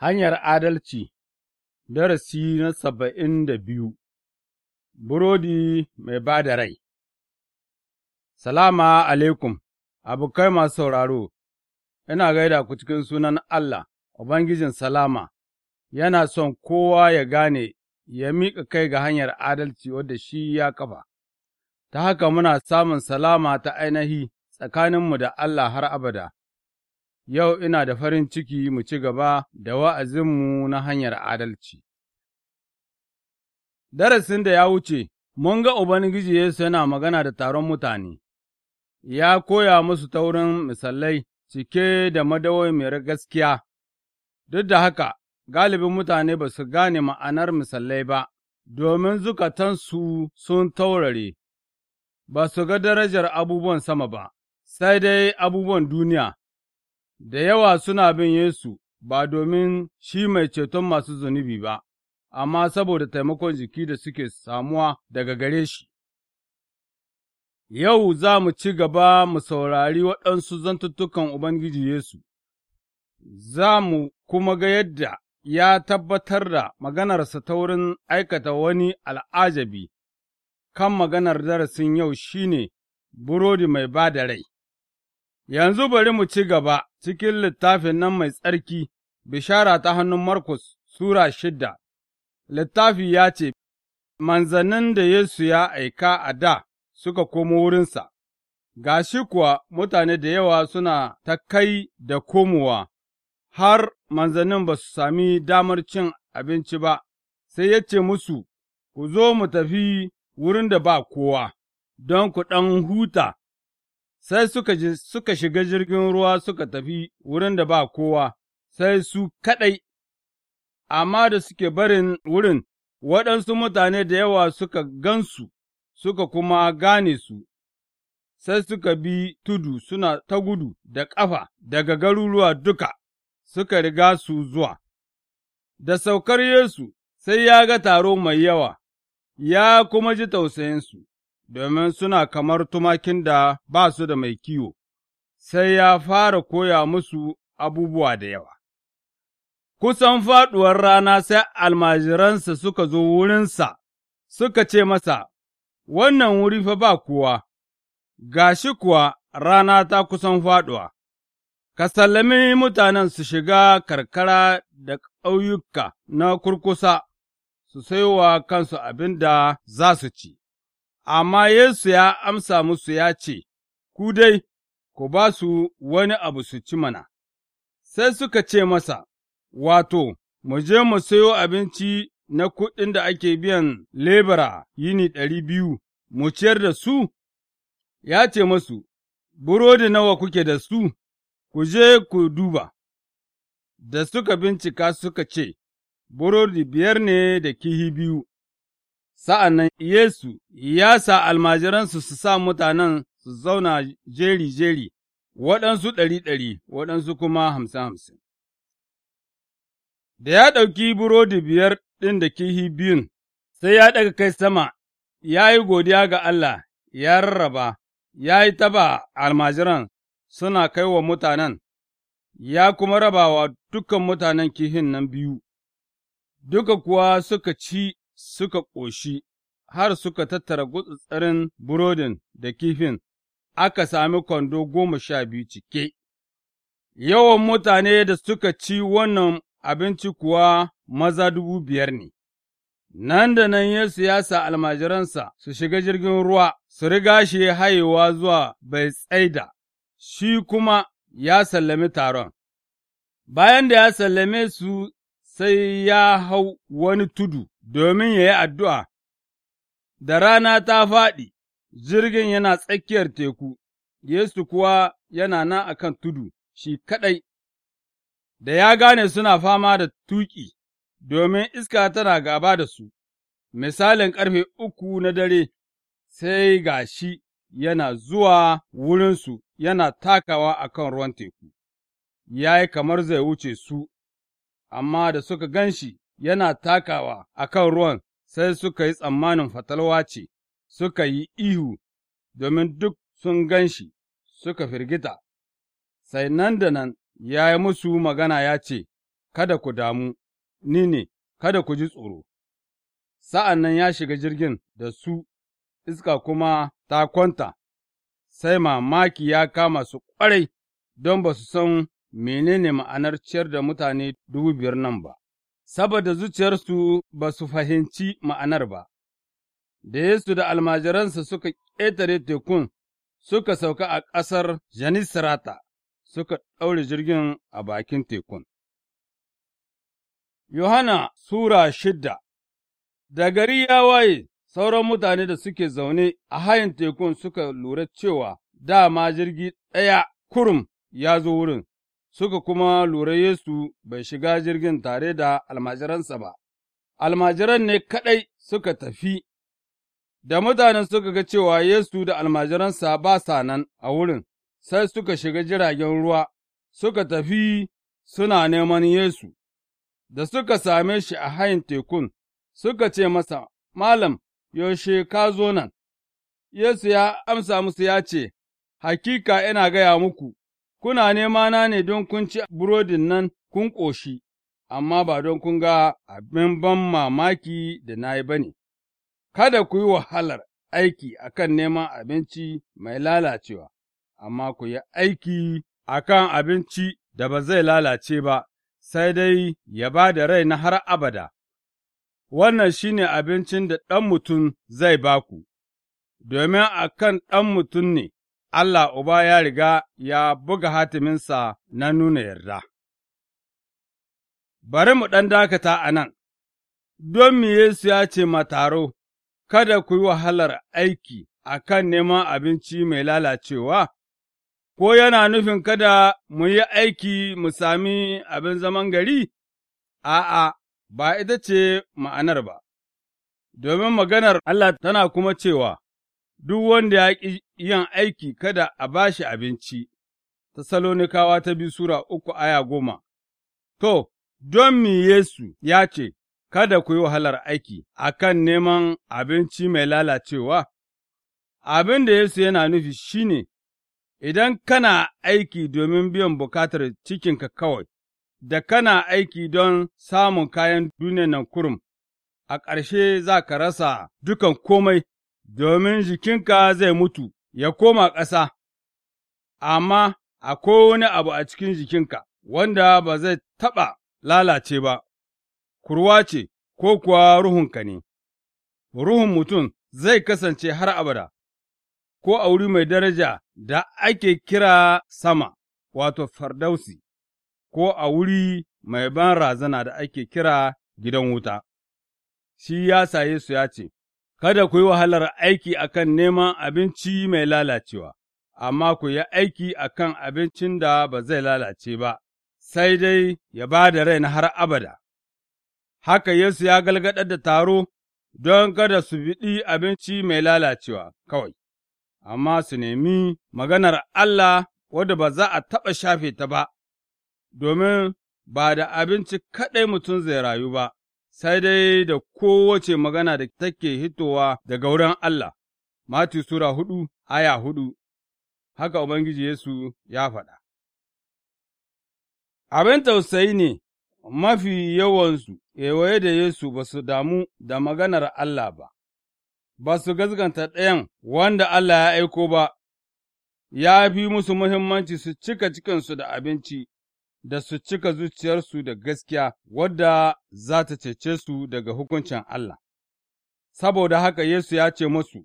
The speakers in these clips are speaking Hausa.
Hanyar Adalci Darasi na saba'in da biyu Burodi mai ba da rai Salama alaikum, abokai masu sauraro, ina gaida ku cikin sunan Allah, Ubangijin Salama, yana son kowa ya gane ya miƙa kai ga hanyar adalci wadda shi ya kafa, ta haka muna samun salama ta ainihi tsakaninmu da Allah har abada. Yau ina da farin ciki mu ci gaba da wa'azinmu na hanyar adalci. Darasin da ya wuce, mun ga Ubangiji Yesu yana magana da taron mutane, ya koya musu taurin misallai misalai cike da madawai mai gaskiya, duk da haka galibin mutane ba su gane ma'anar misalai ba, domin zukatansu sun taurare, ba su ga darajar abubuwan sama ba, sai dai abubuwan duniya da yawa suna bin Yesu ba domin shi mai ceton masu zunubi ba, amma saboda taimakon jiki da suke samuwa daga gare shi. Yau za mu ci gaba mu saurari waɗansu zantuttukan Ubangiji Yesu, za mu kuma ga yadda ya tabbatar da maganarsa ta wurin aikata wani al'ajabi kan maganar darasin yau shine burodi mai ba da rai. Yanzu bari mu ci gaba cikin littafin nan mai tsarki, bishara ta hannun Markus Sura shidda, littafi ya ce, Manzannin da Yesu ya aika a da suka komo wurinsa, ga shi kuwa mutane da yawa suna ta kai da komowa, har manzannin ba su sami damar cin abinci ba, sai ya ce musu, Ku zo mu tafi wurin da ba kowa, don ku ɗan huta sai suka, suka shiga jirgin ruwa suka tafi wurin da ba kowa, sai su kaɗai, amma da suke barin wurin, waɗansu mutane da yawa suka gansu, suka kuma gane su, sai suka bi tudu suna ta gudu da ƙafa daga garuruwa duka, suka riga su zuwa. Da saukar Yesu sai ya ga taro mai yawa, ya kuma ji tausayinsu, domin suna kamar tumakin da ba su da mai kiwo, sai ya fara koya musu abubuwa da yawa. Kusan faɗuwar rana sai almajiransa suka zo wurinsa, suka ce masa, Wannan wuri fa ba kowa, shi kuwa rana ta kusan faɗuwa, ka sallami mutanen su shiga karkara da ƙauyuka na kurkusa, su saiwa kansu abin da za su ci. amma Yesu ya amsa musu ya ce, Ku dai, ku ba su wani abu su ci mana, sai suka ce masa, Wato, mu je mu sayo abinci na kuɗin da ake biyan lebara yini ɗari biyu, mu ciyar da su? Ya ce masu, Burodi nawa kuke da su, ku je ku duba. Da suka bincika suka ce, Burodi biyar ne da kihi biyu, Sa'an nan Yesu ya sa almajiransu su sa mutanen su zauna jeri-jeri, waɗansu ɗari-ɗari, waɗansu kuma hamsin-hamsin. Da ya ɗauki burodi biyar ɗin da kihi biyun, sai ya ɗaga kai sama, ya yi godiya ga Allah, ya rarraba, ya yi taba almajiran suna kai wa mutanen, ya kuma rabawa dukkan mutanen kihin nan biyu, duka kuwa suka ci suka ƙoshi, har suka tattara gutsutsarin burodin da kifin, aka sami kwando goma sha biyu cike. Yawan mutane da suka ci wannan abinci kuwa maza dubu biyar ne. Nan da nan Yesu ya sa almajiransa su shiga jirgin ruwa, su riga shi hayewa zuwa bai tsaida, shi kuma ya sallami taron. Bayan da ya sallame su sai ya hau wani tudu domin ya yi addu'a, da rana ta faɗi, jirgin yana tsakiyar teku, Yesu kuwa yana nan a kan tudu shi kaɗai, da ya gane suna fama da tuƙi, domin iska tana gaba da su, misalin ƙarfe uku na dare, sai ga shi yana zuwa wurinsu yana takawa a kan ruwan teku, ya yi kamar zai wuce su. amma da suka gan shi yana takawa a kan ruwan sai suka yi tsammanin fatalwa ce, suka yi ihu, domin duk sun gan shi, suka firgita. Sai nan da nan ya yi musu magana ya ce, Kada ku damu, ni ne, kada ku ji tsoro. Sa'an nan ya shiga jirgin da su, iska kuma ta kwanta, sai mamaki ya kama su ƙwarai don ba su san menene ma'anar ciyar da mutane dubu biyar nan ba, saboda zuciyarsu ba su fahimci ma'anar ba. Da Yesu da almajiransa suka ƙetare tekun suka sauka a ƙasar Janisirata suka ɗaure jirgin a bakin tekun. Yohana Sura shidda Da gari ya waye, sauran mutane da suke zaune a hayan tekun suka lura cewa dama jirgi ɗaya kurum ya zo wurin, suka kuma lura Yesu bai shiga jirgin tare da almajiransa ba, almajiran ne kaɗai suka tafi, da mutanen suka ga cewa Yesu da almajiransa ba sa nan a wurin, sai suka shiga jiragen ruwa, suka tafi suna neman Yesu, da suka same shi a hayin tekun, suka ce masa, Malam, yaushe ka zo nan, Yesu ya amsa musu ya ce, Hakika ina gaya muku, kuna nemana ne don kun ci burodin nan kun ƙoshi, amma ba don kun ga abin ban mamaki da na yi ba ne, kada ku yi wahalar aiki a kan neman abinci mai lalacewa, amma ku yi aiki a kan abinci da ba zai lalace ba, sai dai ya ba da rai na har abada. Wannan shi ne abincin da ɗan mutum zai ba ku, domin a kan ɗan mutum ne Allah Uba ya riga ya buga hatiminsa na nuna yarda. Bari mu ɗan dakata a nan, don me Yesu ya ce ma mataro, kada ku yi wahalar aiki a kan neman abinci mai lalacewa, ko yana nufin kada mu yi aiki mu sami abin zaman gari? A'a, ba ita ce ma'anar ba, domin maganar Allah tana kuma cewa, duk wanda ya ƙi yin aiki kada a ba shi abinci, ta salonikawa ta bi Sura uku aya goma. To, don mi Yesu ya ce, Kada ku yi wahalar aiki a kan neman abinci mai lalacewa, abin da Yesu yana nufi shi ne, idan kana aiki domin biyan bukatar cikinka kawai, da kana aiki don samun kayan duniyan nan kurum, a ƙarshe za ka rasa dukan komai domin jikinka zai mutu ya koma ƙasa, amma akwai wani abu a cikin jikinka wanda ba zai taɓa lalace ba, kurwa ce ko kuwa ruhunka ne, ruhun mutum zai kasance har abada, ko a wuri mai daraja da ake kira sama, wato fardausi, ko a wuri mai ban razana da ake kira gidan wuta. Shi ya saye su ya ce, Kada ku yi wahalar aiki a kan neman abinci mai lalacewa, amma ku yi aiki a kan abincin da ba zai lalace ba, sai dai ya ba da raina har abada. Haka Yesu ya galgadar da taro don kada su biɗi abinci mai lalacewa kawai, amma su nemi maganar Allah wadda ba za a taɓa shafe ta ba, domin ba da abinci kaɗai mutum zai rayu ba, sai dai da kowace magana da take hitowa daga wurin Allah, Mati Sura hudu, aya hudu, haka Ubangiji Yesu ya faɗa. Abin tausayi ne, mafi yawansu, kewaye da Yesu ba su damu da maganar Allah ba, ba su gazganta ɗayan wanda Allah ya aiko ba, ya fi musu muhimmanci su cika cikinsu da abinci, da su cika zuciyarsu da gaskiya wadda za ta cece su daga hukuncin Allah. Saboda haka Yesu ya ce musu,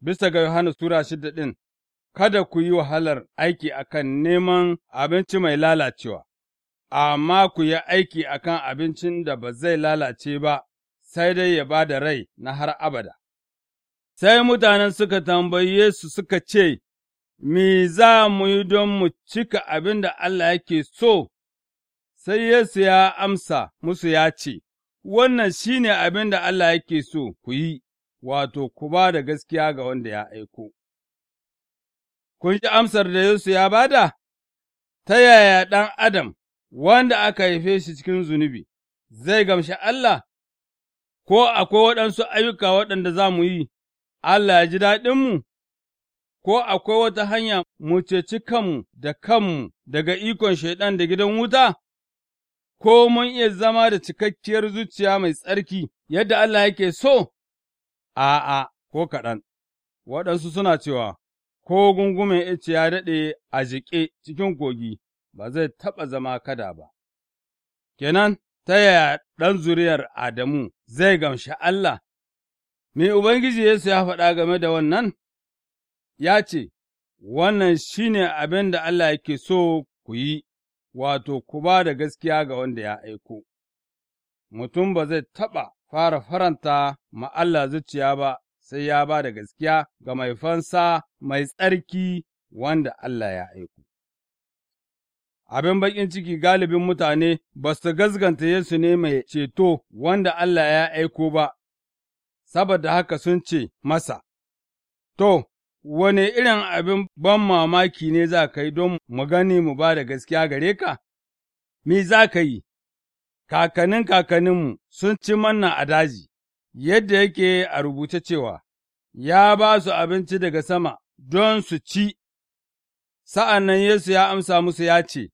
bisa ga Yohana Sura shida ɗin, kada ku yi wahalar aiki akan neman abinci mai lalacewa, amma ku yi aiki akan abincin da ba zai lalace ba, sai dai ya ba da rai na har abada. Sai mutanen suka tambayi Yesu suka ce, me za mu yi don mu cika abin da Allah yake so, sai Yesu ya amsa musu ya ce, Wannan shi ne abin da Allah yake so ku yi, wato, ku ba da gaskiya ga wanda ya aiko. Kun ji amsar da Yesu ya bada? Ta yaya ɗan Adam, wanda aka haife shi cikin zunubi, zai gamshi Allah? Ko akwai waɗansu ayyuka waɗanda za mu yi, Allah ya ji daɗinmu? ko akwai wata hanya mu ceci kanmu da kanmu daga ikon Shaiɗan da gidan wuta? Ko mun iya zama da cikakkiyar zuciya mai tsarki yadda Allah yake so? A'a, ko kaɗan, waɗansu suna cewa, ko gungumen ice ya daɗe a jiƙe cikin kogi, ba zai taɓa zama kada ba. Kenan, ta yaya ɗan zuriyar Adamu zai gamshi Allah? Me Ubangiji Yesu ya faɗa game da wannan? ya ce, Wannan shi ne abin da Allah yake so ku yi, wato, ku ba da gaskiya ga wanda ya aiko. Mutum ba zai taɓa fara faranta ma Allah zuciya ba sai ya ba da gaskiya ga mai fansa mai tsarki wanda Allah ya aiko. Abin baƙin ciki galibin mutane ba su gazganta Yesu ne mai ceto wanda Allah ya aiko ba, saboda haka sun ce masa, To, wane irin abin ban mamaki ne za ka yi don mu gani mu ba da gaskiya gare ka? Me za ka yi, kakanin kakaninmu sun ci manna a daji, yadda yake a rubuta cewa, ya ba su abinci daga sama don su ci, sa'an nan Yesu ya amsa musu ya ce,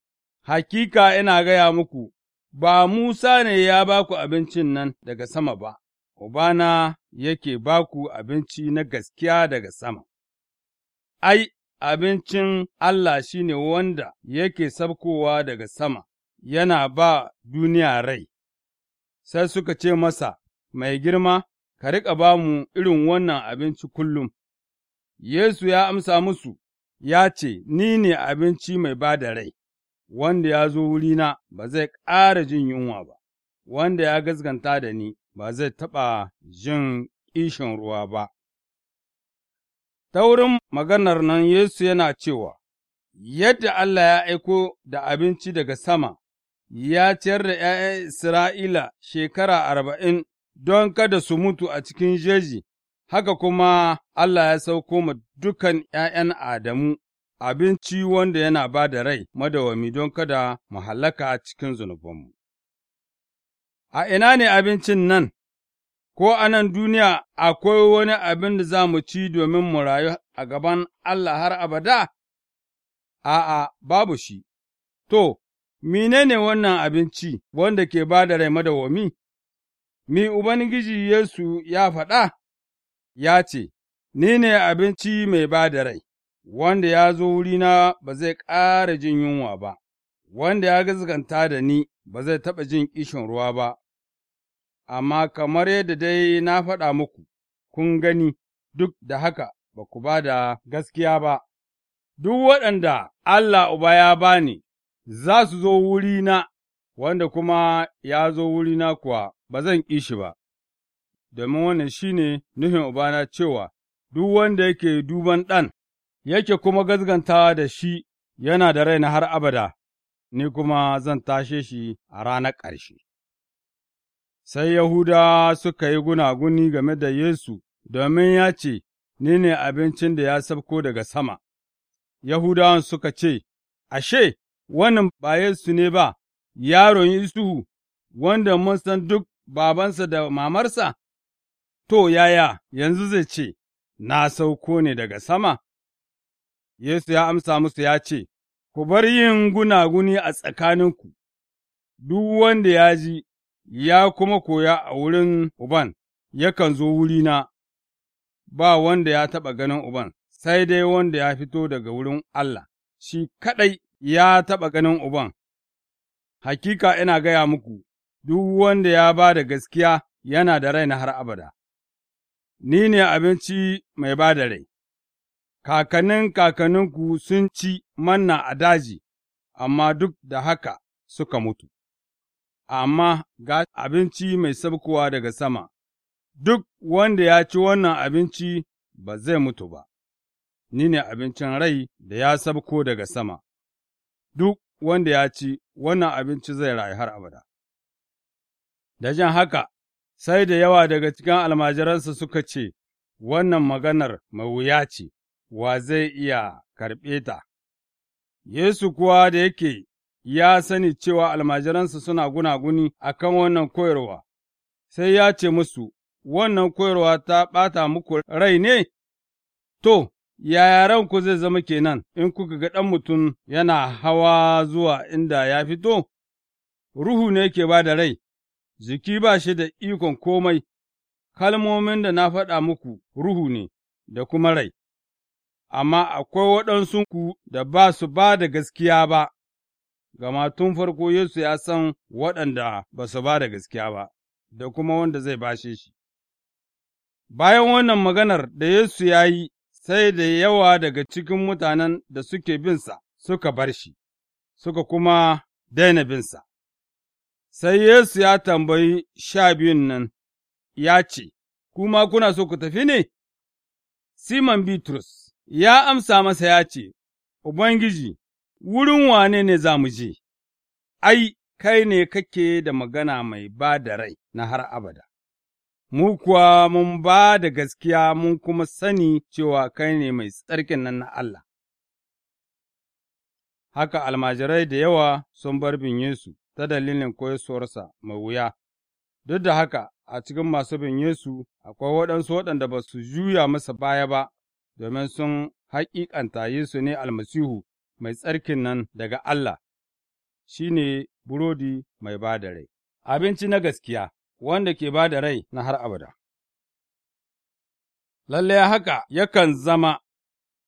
Hakika ina gaya muku, ba Musa ne ya ba ku abincin nan daga sama ba, Ubana yake ba ku abinci na gaskiya daga sama. ai, abincin Allah shi ne wanda yake sabkowa daga sama, yana ba duniya rai, sai suka ce masa, Mai girma, ka riƙa ba mu irin wannan abinci kullum. Yesu ya amsa musu, ya ce, Ni ne abinci mai ba da rai, wanda ya zo wurina ba zai ƙara jin yunwa ba, wanda ya gaskanta da ni ba zai taɓa jin ƙishin ruwa ba. ta wurin maganar nan Yesu yana cewa, Yadda Allah ya aiko da abinci daga sama, ya ciyar da ’ya'yan Isra'ila shekara arba'in don kada su mutu a cikin jeji, haka kuma Allah ya sauko ma dukan ’ya'yan Adamu abinci wanda yana ba da rai madawami don kada mu halaka cikin zunubanmu. A ina ne abincin nan ko a nan duniya akwai wani abin da za mu ci domin mu rayu a gaban Allah har abada? A'a, babu shi, to, menene wannan abinci wanda ke ba da rai madawwami? Mi Ubangiji Yesu ya faɗa, ya ce, Ni ne abinci mai ba da rai, wanda ya zo wurina ba zai ƙara jin yunwa ba, wanda ya gaskanta da ni ba zai taɓa jin ƙishin ruwa ba. amma kamar yadda dai na faɗa muku, kun gani duk da haka ba ku ba da gaskiya ba, duk waɗanda Allah Uba ya bani za su zo wurina, wanda kuma ya zo wurina kuwa ba zan ƙi ba, domin wannan shi ne nufin Ubana cewa duk wanda yake duban ɗan, yake kuma gazgantawa da shi yana da raina har abada, ni kuma zan tashe shi a ranar ƙarshe. sai Yahudawa suka yi gunaguni game da Yesu domin ya ce, Ni ne abincin da ya sabko daga sama. Yahudawan suka ce, Ashe, wannan ba Yesu ne ba, yaron Isuhu, wanda mun san duk babansa da mamarsa? To, yaya yanzu zai ce, Na sauko ne daga sama? Yesu ya amsa musu ya ce, Ku bar yin gunaguni a tsakaninku, duk wanda ya ji ya kuma koya a wurin Uban, yakan zo wurina, ba wanda ya taɓa ganin Uban, sai dai wanda ya fito daga wurin Allah, shi kaɗai ya taɓa ganin Uban. Hakika ina gaya muku, duk wanda ya ba da gaskiya yana da rai na har abada. Ni ne abinci mai ba da rai, kakannin kakanninku sun ci manna a daji, amma duk da haka suka mutu. amma ga abinci mai sabkowa daga sama, duk wanda ya ci wannan abinci ba zai mutu ba, ni ne abincin rai da ya sabko daga sama, duk wanda ya ci wannan abinci zai rayu har abada. Da jan haka, sai da yawa daga cikin almajiransa suka ce, Wannan maganar mai wuya ce, wa zai iya karɓe ta. Yesu kuwa da yake ya sani cewa almajiransa suna gunaguni a kan wannan koyarwa, sai ya ce musu, Wannan koyarwa ta ɓata muku rai ne? To, yaya ranku zai zama kenan in kuka ga ɗan mutum yana hawa zuwa inda ya fito? Ruhu ne ke ba da rai, jiki ba shi da ikon komai, kalmomin da na faɗa muku ruhu ne da kuma rai, amma akwai waɗansu ku da ba su ba da gaskiya ba. gama tun farko Yesu ya san waɗanda ba su ba da gaskiya ba, da kuma wanda zai bashe shi. Bayan wannan maganar da Yesu ya yi, sai da yawa daga cikin mutanen da suke binsa suka bar shi, suka kuma daina binsa. Sai Yesu ya tambayi sha biyun nan, ya ce, Kuma kuna so ku tafi ne? Simon Bitrus ya amsa masa ya ce, Ubangiji, wurin wane ne za mu je, ai, kai ne kake da magana mai ba da rai na har abada, mu kuwa mun ba da gaskiya mun kuma sani cewa kai ne mai tsarkin nan na Allah. Haka almajirai da yawa sun bar bin Yesu ta dalilin koyarwarsa mai wuya, duk da haka a cikin masu bin Yesu akwai waɗansu waɗanda ba su juya masa baya ba, domin sun haƙiƙanta Yesu ne almasihu mai tsarkin nan daga Allah, shi ne burodi mai ba da rai, abinci na gaskiya wanda ke ba da rai na har abada. Lallai haka yakan zama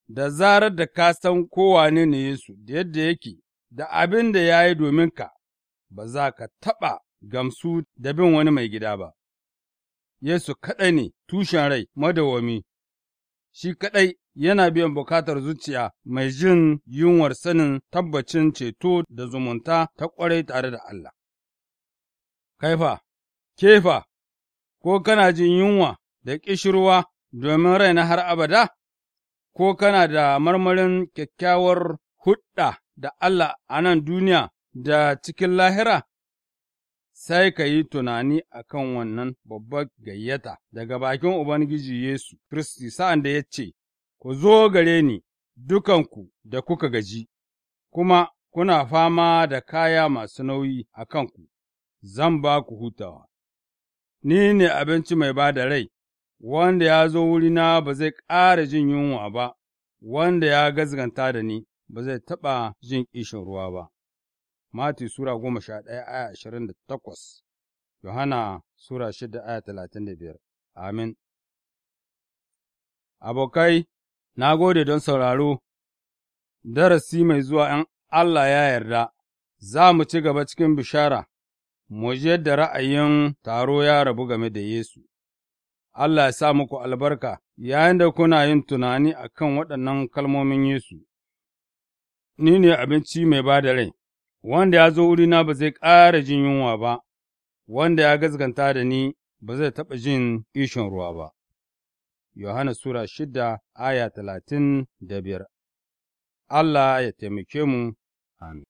da zarar da ka san kowane ne Yesu da yadda yake, da abin da ya yi domin ka, ba za ka taɓa gamsu da bin wani mai gida ba. Yesu kaɗai ne tushen rai madawwami, shi kaɗai yana biyan bukatar zuciya mai jin yunwar sanin tabbacin ceto da zumunta ta ƙwarai tare da Allah. Kaifa, kefa, ko kana jin yunwa da ƙishirwa domin raina har abada, ko kana da marmarin kyakkyawar hudda da Allah a nan duniya da cikin lahira, sai ka yi tunani a kan wannan babbar gayyata daga bakin Ubangiji Yesu Kiristi sa'an da ya ce, Ku zo gare ni, dukanku da kuka gaji, kuma kuna fama da kaya masu nauyi a kanku, zan ba ku hutawa. Ni ne abinci mai ba da rai, wanda ya zo wurina ba zai ƙara jin yunwa ba, wanda ya gazganta da ni ba zai taɓa jin ƙishin ruwa ba. Mati Sura goma sha ɗaya aya ashirin da takwas, Yohana Sura shida aya talatin da biyar, Amin. Abokai, na gode don sauraro, darasi mai zuwa ’yan Allah ya yarda, za mu ci gaba cikin bishara, mu ji yadda ra'ayin taro ya rabu game da Yesu. Allah ya sa muku albarka yayin da kuna yin tunani a kan waɗannan kalmomin Yesu, ni ne abinci mai ba da rai, wanda ya zo wurina ba zai ƙara jin yunwa ba, wanda ya gaskanta da ni ba zai taɓa jin ƙishin ruwa ba. Yohana Sura shida aya talatin da biyar. Allah ya taimake mu, amin.